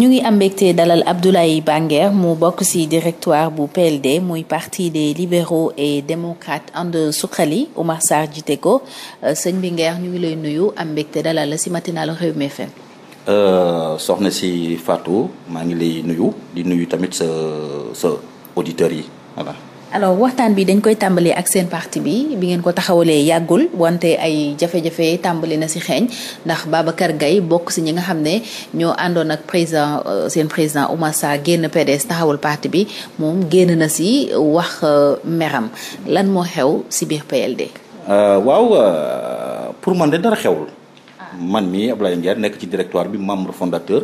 ñu ngi am mbégte dalal Abdoulaye Banguer mu bokk ci directoire bu PLD muy parti des libéraux et démocrates ànd suqali Oumar Sarr jiite ko euh, sëñ bi Nguer ñu ngi lay nuyu am mbégte dalal la ci matinalu Rewmi FM. Euh, soxna si Fatou maa ngi lay nuyu di nuyu tamit sa sa auditeurs yi alors waxtaan bi dañ koy tàmbalee ak seen parti bi bi ngeen ko taxawalee yàggul wante ay jafe-jafe tàmbali na si xeeñ ndax Babacar Gaye bokk si ñi nga xam ne ñoo àndoon ak président euh, seen président Oumar Sarr génn PDS taxawul parti bi moom génn na si wax euh, meram lan moo xew si biir PLD. Euh, waaw pour man de dara xewul. man mi Abdoulaye Ndiaye nekk ci directoire bi membre fondateur.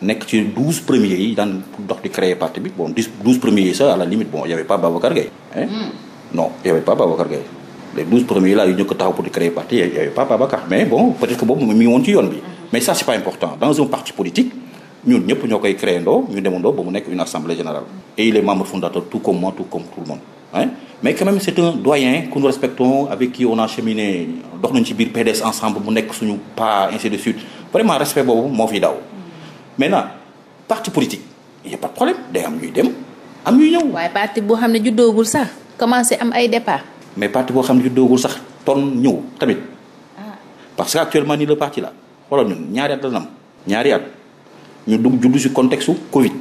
nekk ci douze premiers yi daan dox di créer parti bi bon dix douze premiers yi sax à la limite bon y avait pas Babacar Gaye hein hmm. non y avait pas Babacar Gaye les douze premiers là yu ñu ko taxaw pour di créer parti y avait pas Babacar mais bon être que boobu mi ngi ci yoon bi hmm. mais c'est pas important dans un parti politique ñun ñëpp ñoo koy créer ndoo ñu demandoo ba mu nekk une assemblée générale et il est membre fondateur tout comme moi tout comme tout le monde mais quand nañ ci biir PDS ensemble nekk suñu pas ainsi de suite vraiment respect boobu moo mais maintenant parti politique y a pas problème day am ñuy dem am ñuy ñëw. waaye parti boo xam ne juddoogul sax commencé am ay départ. mais parti boo xam ne juddoogul sax ton ñëw tamit. Ah. parce que actuellement nii le parti la wala ñun ñaari at la am ñaari at ñu dugg judd ci contexte Covid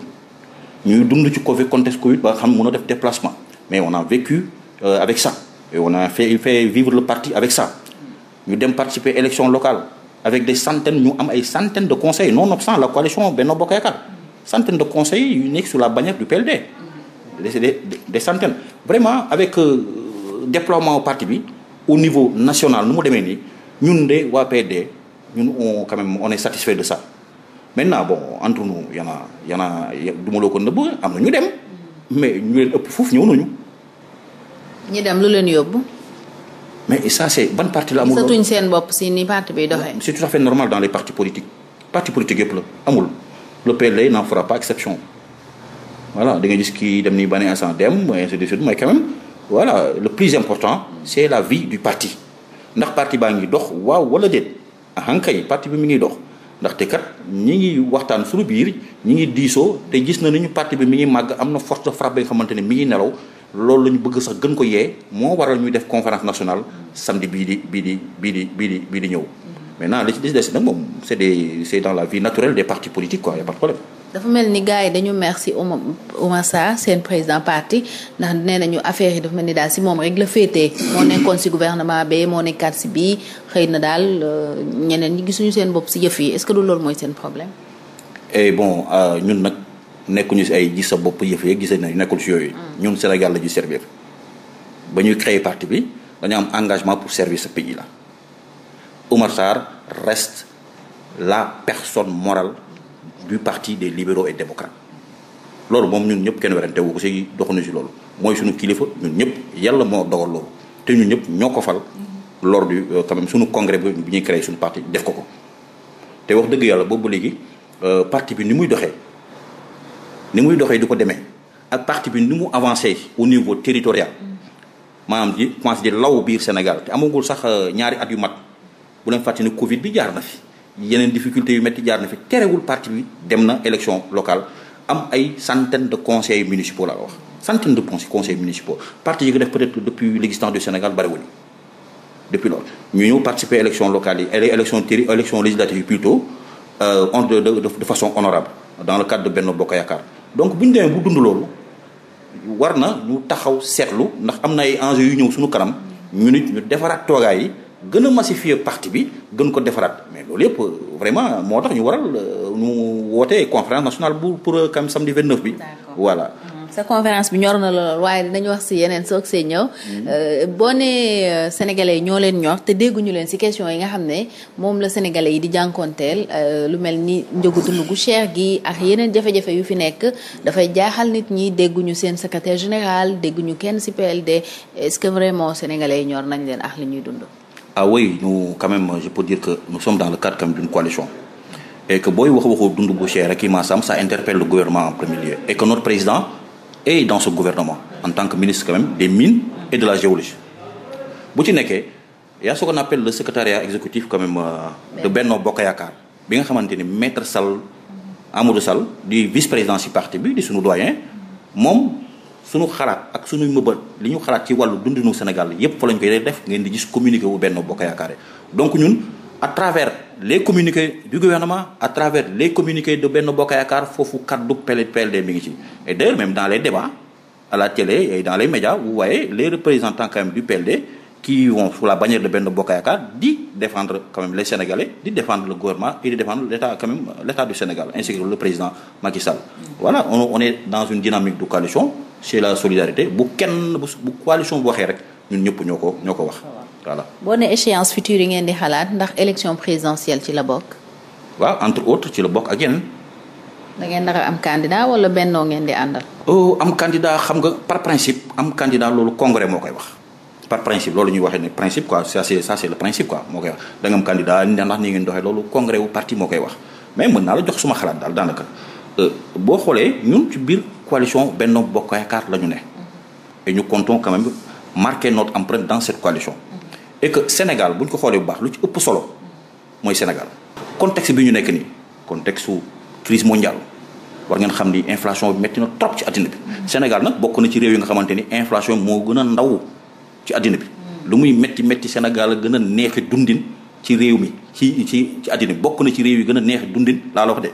ñuy dundu ci Covid contexte Covid ba nga xam mënoo def déplacement mais on a vécu euh, avec sax et on a fait fait vivre le parti avec ça ñu dem participer élection locale. avec des centaines ñu am ay centaines de conseils nonobstant la coalition Benno Bokk Yaakaar centaines de conseils yu nekk sur la bannière du PLD. des des des centaines vraiment avec euh, déploiement parti bi au niveau national nu mu demee nii ñun de waa PD ñun on quand est satisfait de ça. maintenant bon entre nous y en a y en a la ko nëbb am na ñu dem mais ñu leen ëpp foofu ñëw nañu. ñu dem lu leen yóbbu. mais ça c'est ban parti la amul. gisatuñ seen bopp si ni parti bi doxee. c'est tout à fait normal dans les partis politiques parti politique yëpp la amul le PLD n'en fera pas exception voilà da nga gis kii dem ni bane instant dem ainsi de suite mais quand même le plus important c'est la vie du parti ndax parti baa ngi dox waaw wala déet ahankay parti bi mi ngi dox ndaxte kat ñi ngi waxtaan suñu biir ñi ngi diisoo te gis na ni ñu parti bi mi ngi màgg am na force de xamante ne mi ngi nelaw loolu la ñu bëgg sax gën ko yee moo waral ñuy def conférence nationale samedi bii di bii di bii di bii di bii di ñëw maintenant li des des nag moom c'est des c'est dans la vie naturelle des partis politiques quoi y pas problème. dafa mel ni gars yi dañu merci Oumar Sarr seen président parti ndax nee nañu affaire yi dafa mel ni daal si moom rek la féetee. moo nekkoon si gouvernement bi moo nekkaat si bii xëy na daal euh, ñeneen ñi gisuñu seen bopp si yëf yi est-ce que du loolu mooy seen problème. et eh bon euh, ñun nag. nekkuñu si ay gis sa bopp yëf yeeg gis nañu nekkul si yooyu. Mm. ñun Sénégal la ñuy servir ba ñuy créer parti bi dañu am engagement pour servir ce pays là Oumar Sarr reste la personne morale du parti des libéro et démocrates loolu moom ñun ñëpp kenn werante wu ko si doxuñu si loolu mooy suñu kilifa ñun ñëpp yàlla moo dogal loolu te ñun ñëpp ñoo ko fal. Mm-hmm. lors du euh, quand même suñu congrès bi ñu créer suñu parti def ko ko te wax dëgg yàlla boobu léegi euh, parti bi ni muy doxee. ni muy doxee di ko demee ak parti bi ni mu avancé au niveau territorial maanaam di commencé di law biir Sénégal te amagul sax euh, ñaari at yu mat bu leen fàtte ne Covid bi jaar na fi yeneen difficulté yu métti jaar na fi terewul parti bi dem na élection locale am ay centaine de conseils municipaux laa wax centaine de conseils municipaux parti yi ko def peut-être depuis l'existence du Sénégal bariwuñu depuis loolu ñu ñëw participer élection locale yi élection téri élection législative yi plutôt euh, en façon honorable dans le cadre Bokk Yaakaar donc bu ñu demee bu dund loolu war na ñu taxaw seetlu ndax am na ay enjeux yu ñëw suñu kanam ñu nit ñu defaraat toogaay yi gën a massifier parti bi gën ko defaraat mais loolu yëpp vraiment moo tax ñu waral euh, ñu wootee conférence nationale bu pour euh, quand samedi 29 bi. voilà. sa conférence bi ñor na la lool waaye dinañ wax si yeneen soog see ñëw. Euh, boo nee euh, sénégalais yi ñoo leen ñor te dégguñu leen si question yi nga xam ne moom la sénégalais yi di jànkoonteel euh, lu mel ni njëgu dund gu cher gi ak yeneen jafe-jafe yu fi nekk dafay jaaxal nit ñi dégguñu seen secrétaire général dégguñu kenn si PLD est-ce que vraiment sénégalais yi ñor nañ leen ak li ñuy dund. ah oui nous quand même je peux dire que nous sommes dans le cadre quand wax waxu dund bu cher ak i maasam ça interpelle et dans ce gouvernement en tant que ministre quand même des mines et de la géologie bu ci nekkee y a ce qu'on appelle secrétariat exécutif quand même euh, de Benno Bokk Yaakaar bi nga xamante ni maître Sall Amadou Sall di vice-président ci parti bi di suñu doyen moom suñu xalaat ak suñu mëbët li ñu xalaat ci wàllu dundinu Sénégal yépp fa lañ koy def ngeen di gis communiqué wu Benno Bokk Yaakaar donc ñun à travers les communiqués du gouvernement à travers les communiqués de benn Bokk Yaakaar foofu kaddu PLD mi ngi ci et d'ailleurs même dans les débats à la télé et dans les médias vous waaye les représentants quand même du PLD qui vont sous la bannière de Benno Bokk Yaakaar di défendre quand même les Sénégalais di défendre le gouvernement et di défendre l'État du Sénégal ainsi le président Macky Sall voilà on, on est dans une dynamique de coalition c'est la solidarité bu kenn bu coalition bu waxee rek ñun ñëpp ñoo ko ñoo ko wax voilà. boo ne échéance future yi ngeen di xalaat ndax élection présidentielle ci la bokk. waaw entre autres ci la bokk ak yeneen. da ngeen nar a am candidat wala bennoo ngeen di àndal. oh am candidat xam nga par principe am candidat loolu congrès moo koy wax. par principe loolu ñuy waxee ne principe quoi ça c'est ça c'est le principe quoi moo koy wax da nga am candidat ni ngeen loolu congrès wu parti moo koy wax mais mën naa la jox suma xalaat daal daanaka euh, boo xoolee ñun ci biir coalition Benno Bokk Yaakaar la ñu ne. et nous comptons quand même marquer notre empreinte dans et que Sénégal bu ko xoolee bu baax lu ci ëpp solo mooy Sénégal contexte bi ñu nekk nii contexte su crise mondiale war ngeen xam ni inflation bi métti na trop ci àddina bi. nag bokk na ci réew yi nga xamante ni inflation moo gën a ndaw ci àddina bi. lu muy métti métti Sénégal a gën a neexi dundin ci réew mi ci ci ci àddina bi bokk na ci réew yi gën a neexi dundin laa la wax de.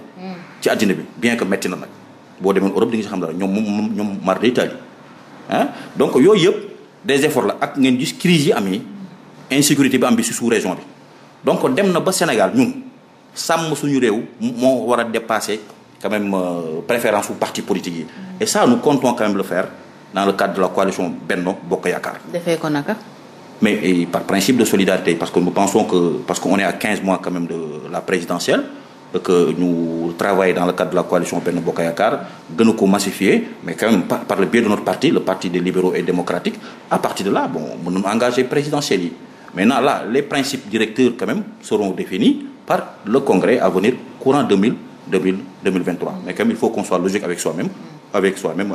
ci àddina bi bien que metti na nag boo demee Europe di nga si xam dara ñoom moom ñoom mar day taal ah donc yooyu yëpp des efforts la ak ngeen gis crise yi amee yi insécurité bi am bi si sous région bi donc dem na ba Sénégal ñun sàmm suñu réew moo war a dépasser quand même euh, préférence bu parti politique yi mm. et ça nous comptons quand même le faire dans le cadre de la coalition Benno Bokk Yaakaar. defee ko naka. par de solidarité que nous pensons que parce qu'on est à 15 mois quand même de la présidentielle que nous travaillons dans le cadre de la coalition Benno Bokk Yaakaar gën par, le biais de notre parti le parti des libéraux à partir de là bon mën nañu engagé présidentielle mais na là, les principes directeurs, quand même, seront définis par le congrès à venir courant 2000, 2000 2023. Mais quand même, il faut qu'on soit logique avec soi-même, avec soi-même,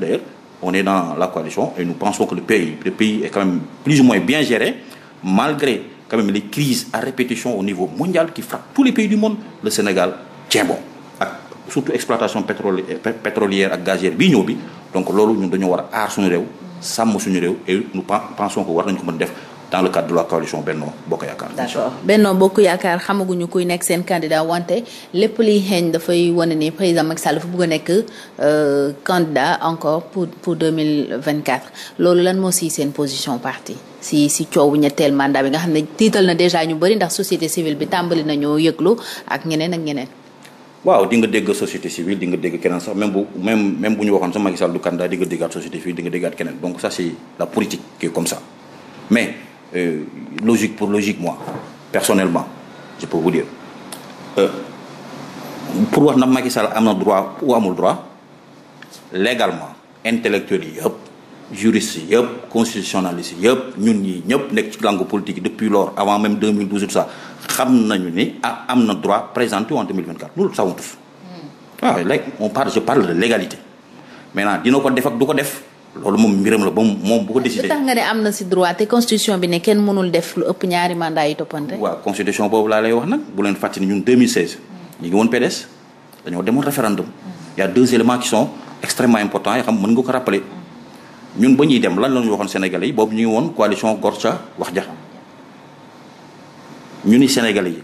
d'ailleurs. On est dans la coalition et nous pensons que le pays, le pays est quand même plus ou moins bien géré, malgré quand même les crises à répétition au niveau mondial qui frappent tous les pays du monde. Le Sénégal tient bon. surtout exploitation euh, pétrolière ak gazière bii ñëw bi donc loolu ñun dañoo war a aar suñu réew sàmm suñu réew et nous war nañu ko mën def dans le cadre de la coalition Benno Bokk Yaakaar. d'accord Benno Bokk Yaakaar xamaguñu kuy nekk seen candidat wante lépp liy xeeñ dafay wone ni président Macky Sall dafa bëgg a nekk euh, candidat encore pour pour 2024 loolu lan moo siy seen position parti si si coowu ñetteel mandat bi nga xam ne tiital na déjà ñu bëri ndax société civile bi tàmbali nañoo yëglu ak ñeneen ak ñeneen. waaw di nga dégg di nga dégg keneen sax même bu même même bu ñu waxoon sax Macky Sall du candidat di nga déggaat société civile di nga déggaat keneen donc ça c'est la politique comme ça mais. euh, logique pour logique moi personnellement je peux vous dire euh, pour wax na Macky Sall am na droit ou amul droit légalement intellectuels yi yëpp juristes yi yëpp constitutionnalistes yi yëpp ñun ñi ñëpp nekk ci langue politique depuis lors avant même 2012 tout ça xam nañu ni ah, am na droit présenté en 2024 loolu savons tous waaw hmm. ah, léegi on parle je parle de légalité maintenant dina ko def du ko def loolu moom mbiram la ba moom bu ko décidé. tax nga ne am na si droit te constitution bi ne kenn mënul def lu ëpp ñaari mandat yi toppante. waaw constitution boobu laa lay wax nag bu leen fàttali ñun 2016. ñu ngi woon PDS dañoo a deux éléments qui sont extrêmement importants yoo nga ko rappeler. ñun ba ñuy dem lan la ñu waxoon Sénégalais yi boobu ñu ngi woon coalition Gorcha wax ja ñu ni Sénégalais yi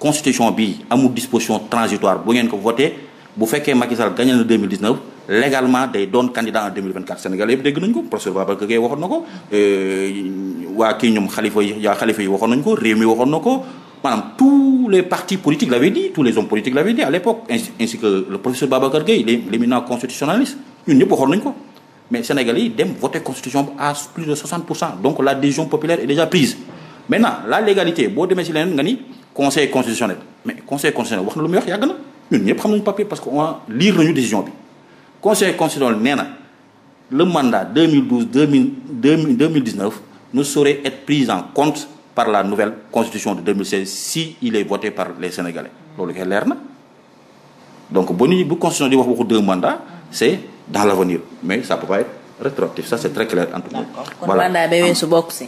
constitution bi amul disposition transitoire bu ngeen ko voté bu fekkee Macky Sall gagné na 2019. légalement day doon candidat en 2024 Sénégal yëpp dégg nañ ko professeur Babacar Gueye waxoon na ko euh, waa kii ñoom xalifa yi yaa xalifa yi waxoon nañ ko réew mi waxoon na ko maanaam tous les partis politiques l'avaient dit tous les hommes politiques l'avaient dit à l'époque ainsi, ainsi que le mais Sénégal yi dem voté constitution à plus de 60 pour cent donc la décision populaire est déjà prise maintenant la légalité boo demee si leneen nga ni conseil constitutionnel mais conseil constitutionnel wax na lu muy wax yàgg na ñun ñëpp xam nañu papier parce que on lire nañu décision bi conseil constitutionnel nee na le mandat 2012 2000 2019 ne saurait être pris en compte par la nouvelle constitution de 2016 si il est voté par les sénégalais loolu kay leer na donc bu ñu bu constitution di wax waxu deux mandats c' est dans l' avenir mais ça peut pas être rétroactif ça c' est très clair en tout cas. mandat ba weesu bokk si.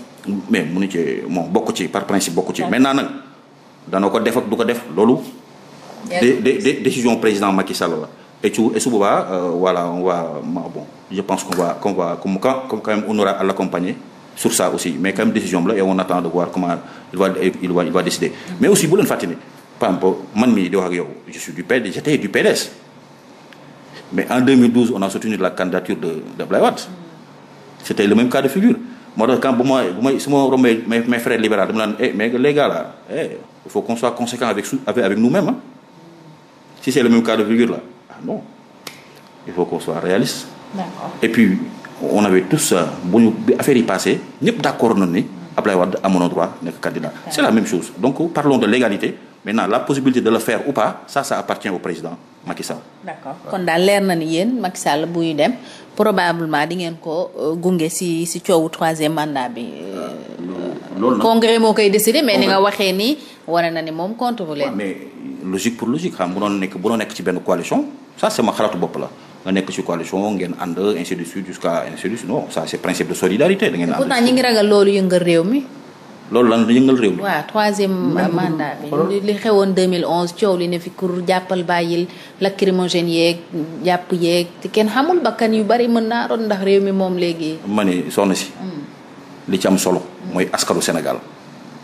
mais mënu ci moom bokk ci par principe bokk ci. maintenant nag danoo ko def ak du ko def loolu. décision président Macky Sall la. Et, tout, et sous Boba, euh, voilà, on va, bon, je pense qu'on va, qu'on va, qu quand même, l'accompagner sur ça aussi. Mais quand même, décision là, et on attend de voir comment il va, il va, il va décider. Mais aussi, Boulen Fatine, par exemple, je suis du PLS, Mais en 2012, on a soutenu la candidature de, de C'était le même cas de figure. moo tax quand bu ma bu may su ma rombee mes mes frères libéraux dama naan eh, mais les gars là eh il faut qu'on soit conséquent avec nous-mêmes si c'est le même cas de figure non il faut qu'on soit réaliste. d'accord et puis on avait tous euh, bu ñu bi affaire yi passé ñëpp d'accord nañu ni Ablaye Wade amoon na droit nekk candidat. c'est la même chose donc parlons de l'égalité maintenant la possibilité de le faire ou pas ça ça appartient au président. Macky Sall. d'accord kon daal leer na ni yéen Macky Sall buy dem probablement di ngeen ko euh, gunge si si coowu troisième mandat bi. Euh, loolu nag congrès moo koy décidé mais ni nga waxee ni wane na ni moom contre leen. mais logique pour logique xam bu doon nekk bu doon nekk ci benn coalition ça c'est ma xalaatu bopp la. nga nekk ci coalition ngeen ànd ainsi de suite jusqu'à ainsi de principe de solidarité da ngeen ànd. pourtant ñi ngi ragal loolu yëngal réew mi. loolu lan yëngal réew mi. waaw troisième mandat bi li xewoon 2011 coow li ne fi kur jàppal bàyyil lacrymogène yeeg jàpp yeeg kenn xamul bakkan yu bari mën naa doon ndax réew mi moom léegi. ma ne soxna si. Mm. li ci am solo. mooy askaru Sénégal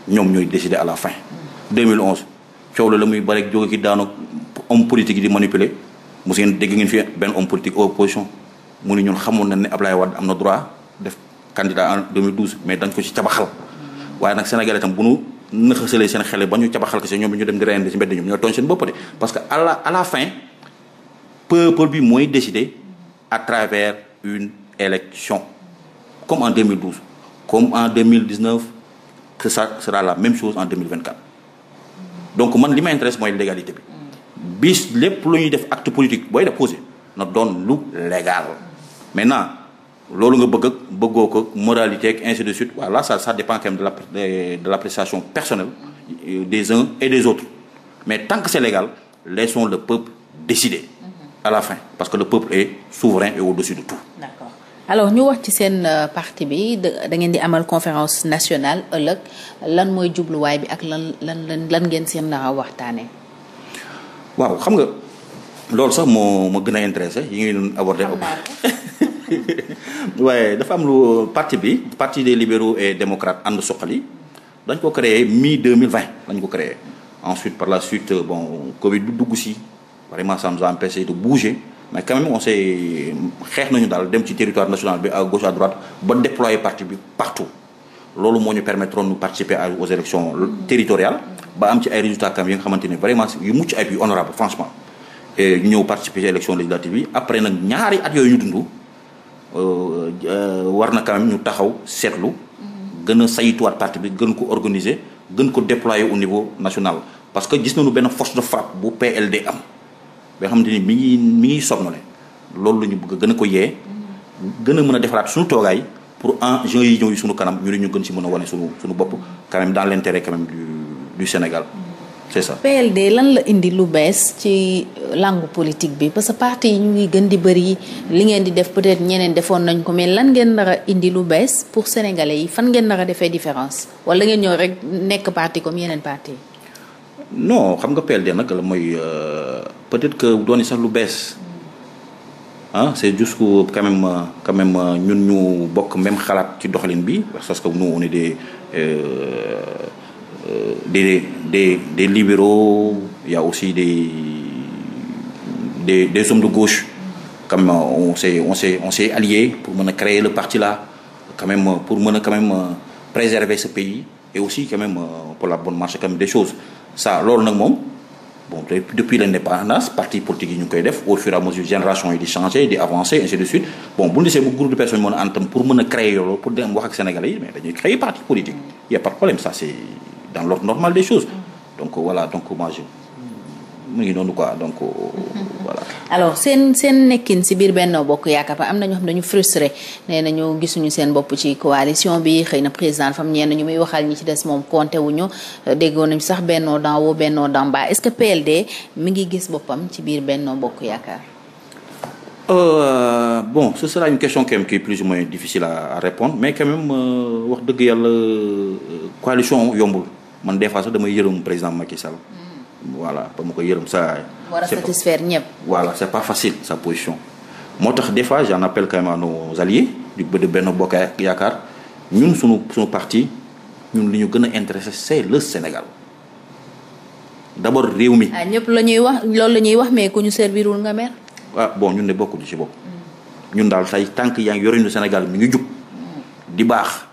ñoom ñooy décider à la fin. 2011 mm. coow la la muy bari jóge ki daanu homme politique yi di manipuler mos ngeen dégg ngeen fi benn homme politique opposition mu ne ñun xamoon na ne Ablaye Wade am na droit def candidat en 2012 mais dañ ko ci tabaxal. waaye nag sénégalais itam bu nu nëxasalee seen xele ba ñu cabaxal ko si ñoom ñu dem di reyandi si mbedd ñoom ñoo tooñ seen bopp de parce que à la à la fin peuple bi mooy décider à travers une élection comme en 2012 comme en 2019 que ça sera la même chose en 2024 donc man li ma intéresse mooy légalité bi bis lépp lu ñuy def acte politique booy déposé na doon lu légal maintenant loolu nga bëgg ak bëggoo ko moralité ak ainsi de suite voilà ça ça dépend quand même de la de l'appréciation personnelle euh, des uns et des autres mais tant que c'est légal laissons le peuple décider mhm. à la fin parce que le peuple est souverain et au-dessus de tout. D'accord. alors ñu wax ci seen euh, parti bi da ngeen di amal conférence nationale ëllëg lan mooy jubluwaay bi ak lan lan lan ngeen seen nar a waxtaanee. waaw xam nga loolu sax moo ma gën a intéressé yi ngeen doon aborder. waaye dafa am lu parti bi parti libéro libéraux et démocrates ànd suqali dañ ko créé mi 2020 dañ ko créé ensuite par la suite bon Covid du dugg si vraiment ça nous a empêché de bouger mais quand on s'est xeex nañu daal dem ci territoire national bi à gauche à droite ba déployer parti bi partout loolu moo ñu permettre ñu participer aux élections territoriales ba am ci ay résultats kam yi nga xamante ne vraiment yu mucc ayib yu honorable franchement et ñu ñëw participer ci élection législative yi après nag ñaari at yooyu ñu dund Euh, euh, war na quand ñu taxaw seetlu. gën a saytuwaat parti bi gën ko organiser gën ko déployer au niveau national parce que gis nañu benn force de frappe bu PLD am ba xam ni mi ngi mi ngi sonnale loolu la ñu bëgg gën a ko yee. gën a mën a defaraat suñu toogaay pour enjeux yi ñëw yi suñu kanam ñu ne ñu gën si mën a wane suñu suñu bopp quand même dans l' intérêt du Sénégal. c'est ça PLD lan la indi lu bees ci langue politique bi parce que parti yi ñu ngi gën di bëri li ngeen di def peut-être ñeneen defoon nañ ko mais lan ngeen nar a indi lu bees pour sénégalais yi fan ngeen nar a defee différence wala ngeen ñëw rek nekk parti comme yeneen parti yi. non xam nga PLD nag la mooy euh, peut-être que dooni sax lu bees ah c'est juste que quand même quand ñun ñu bokk même xalaat ci doxalin bi parce que nous on est des. Euh, des, des, des libéraux, il y aussi des, des, des hommes de gauche. Comme on s'est, on s'est, on s'est alliés pour créer le parti là, quand pour quand même préserver ce la bonne marche quand même des choses. Ça, lors de bon, depuis l'indépendance, parti politique ñu koy def au fur et génération yi changer di avancer ainsi de suite bon bu ñu desee bu groupe de personnes mën a antam pour mën a créer loolu pour di am wax ak sénégalais yi mais dañuy créer parti politique y a pas de problème ça c'est dans l'ordre normal des choses donc euh, voilà donc euh, moi mu ngi noonu quoi donc euh, alors seen seen nekkin si biir Benno Bokk Yaakaar ba am na ñoo xam dañu frustré nee nañu gisuñu seen bopp ci coalition bi xëy na président fam ñeen ñu muy waxal ñi ci des moom compté wuñu déggoo nañu sax Benno d'en haut Benno d'en bas est-ce que PLD mi ngi gis boppam ci biir Benno Bokk Yaakaar. bon ce sera une question quand même qui est plus ou moins difficile à répondre mais quand wax dëgg yàlla coalition yombul. man des fois sax damay yërëm président Macky Sall. Hmm. voilà ba ma ko yërëm sa war a satisfaire ñëpp. voilà c' pas facile sa position. moo tax des fois j' en appelle quand même à nos alliés Bokk Yaakaar ñun suñu suñu parti ñun li ñu gën a intéressé c' est le Sénégal d' abord réew mi. ah ñëpp la ñuy wax loolu la ñuy wax mais ku ñu servirul nga mer. ah bon ñun ne bokkuñu ci bopp. Hmm. ñun daal tey tànk yaa ngi yoruñu Sénégal mi ngi jub. Hmm. di baax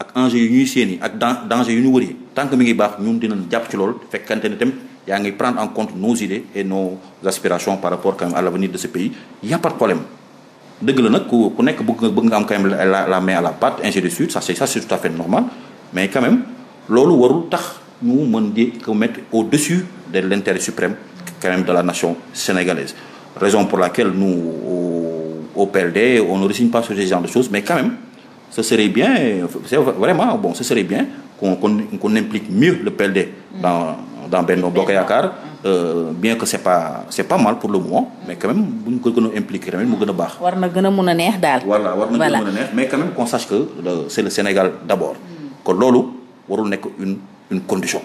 ak enjeux yu ñuy séen yi ak danger yu ñu wëri tant que mi ngi baax ñun dinañ jàpp ci loolu fekkante ne tamit yaa ngi prendre en compte nos idées et nos aspirations par rapport quand même à l'avenir de ce pays il y de la nag ku ku nekk bëgg nga bëgg la la la pâte ainsi de suite ça c'est ça c'est mais quand même loolu warul tax ñu mën di ko mettre au-dessus de l'intérêt suprême quand même de la nation sénégalaise raison pour laquelle nous au PLD on ne résigne pas sur ce genre de choses mais quand même ce serait bien vraiment bon ce serait bien qu'on qu'on qu'on implique mieux le PLD dans dans Benno Bokk Yaakaar Euh, bien que c'est pas mal pour le moment mais quand même bu ñu ko gën a impliqué mu gën a baax. war na gën a mun a neex daal. voilà war na gën a mun a neex mais quand même qu'on sache que c'est le Sénégal d'abord. Hmm. kon loolu warul nekk une une condition.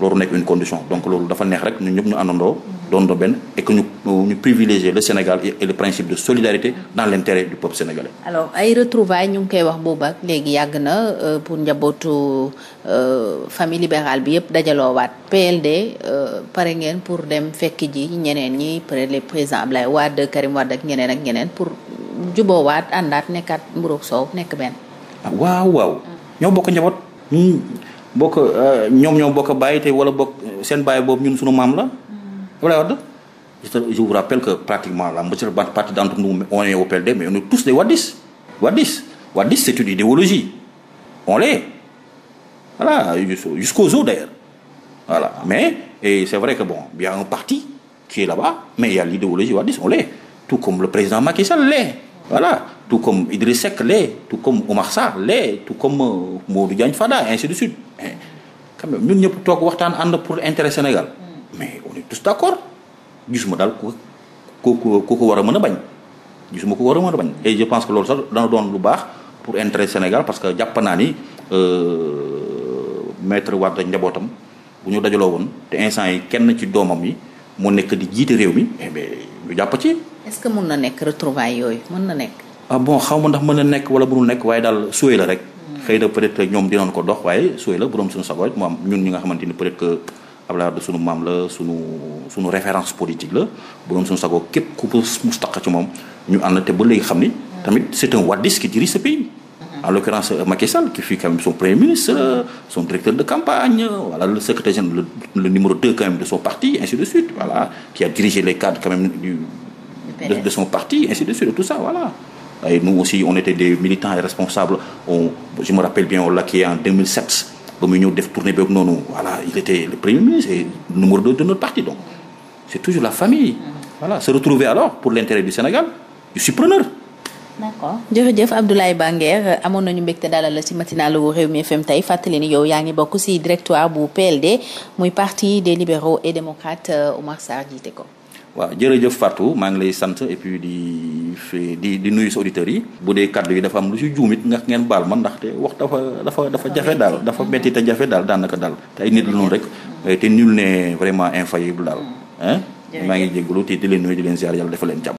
loolu nekk une condition donc loolu dafa neex rek ñun ñëpp ñu àndandoo doon do benn et que ñu ñu privilégier le Sénégal et le principe de solidarité dans l'intérêt du peuple sénégalais. alors ay retrouvailles ñu ngi koy wax boobu ak léegi yàgg na euh, pour njabootu euh, famille libérale bi yëpp waat PLD euh, pare ngeen pour dem fekk ji ñeneen ñi les président Ablaye Wade Karim Wade ak ñeneen ak ñeneen pour juboowaat àndaat nekkaat mburoog soow nekk benn. Ah, waaw waaw. ñoo bokk bokk euh, ñoom ñoom bokk bàyyi tey wala bokk seen bàyyi boobu ñun suñu maam la. Abdoulaye Wade je vous rappelle que pratiquement la majeure partie d'entre nous on est au PLD mais on est tous des wadistes wadistes wadistes c'est une idéologie on l'est voilà jusqu'aux os d'ailleurs mais et c'est vrai que bon bien y a un parti qui est là-bas mais il y a l'idéologie wadiste on l'est tout comme le président Macky Sall l'est voilà tout comme Idriss Seck l'est, tout comme Omar le l'est, tout comme euh, Modou Diagne Fada ainsi de suite mais quand même ñëpp toog waxtaan ànd pour intérêt Sénégal mais on est tous daal ku ko ku ko war a mën a bañ gisuma ko war a mën a bañ je pense que loolu sax dana doon lu baax pour intérêt Sénégal parce que jàpp naa ni euh, maître Wade njabootam bu ñu dajaloo woon te instant yi kenn ci doomam yi moo nekk di jiite réew mi eh ñu jàpp ci. est-ce que mun na nekk retrouvailles yooyu mun na nekk. ah bon xaw ma ndax mën na nekk wala mënul nekk waaye daal suy la rek. Hmm. xëy na peut être ñoom dinañ ko dox waaye suy la bu doon suñu sago rek mu am ñun ñi nga xamante ni peut la suñu su référence politique la bu doon ci moom ñu ànd te ba léegi xam ni. Hmm. tamit c'est un Wadiste qui dirige ce pays. Hmm. en l'occurrence euh, Macky Sall qui fut quand premier ministre son directeur de campagne voilà le secrétaire général le, le numéro 2 de son parti ainsi suite a de, suite voilà et nous aussi on était des militants et responsables je me rappelle bien on l'a en ba muy ñëw def tournée boobu noonu il était le premier ministre et numéro 2 de notre parti donc c'est toujours la famille voilà se retrouver alors pour l'intérêt du Sénégal je suis preneur d'accord jërëjëf Abdoulaye Ba Nguer amoon nañu mbégte dalal la ci matinalu Rewmi FM tey fàttali ni yow yaa ngi bokk ci directoire bu PLD muy parti des libéraux et démocrates euh, Oumar Sarr jiite ko waaw jërëjëf Fatou maa ngi lay sant et puis di di di nuyu sa auditeurs yi bu dee kaddu yi dafa am lu si juumit ndax ngeen baal ma ndaxte wax dafa dafa dafa jafe daal dafa metti te jafe daal daanaka daal te ay nit la noonu rek te nul ne vraiment infaillible daal ah maa ngi jégalu te di leen nuyu di leen ziar yàlla dafa leen jàmm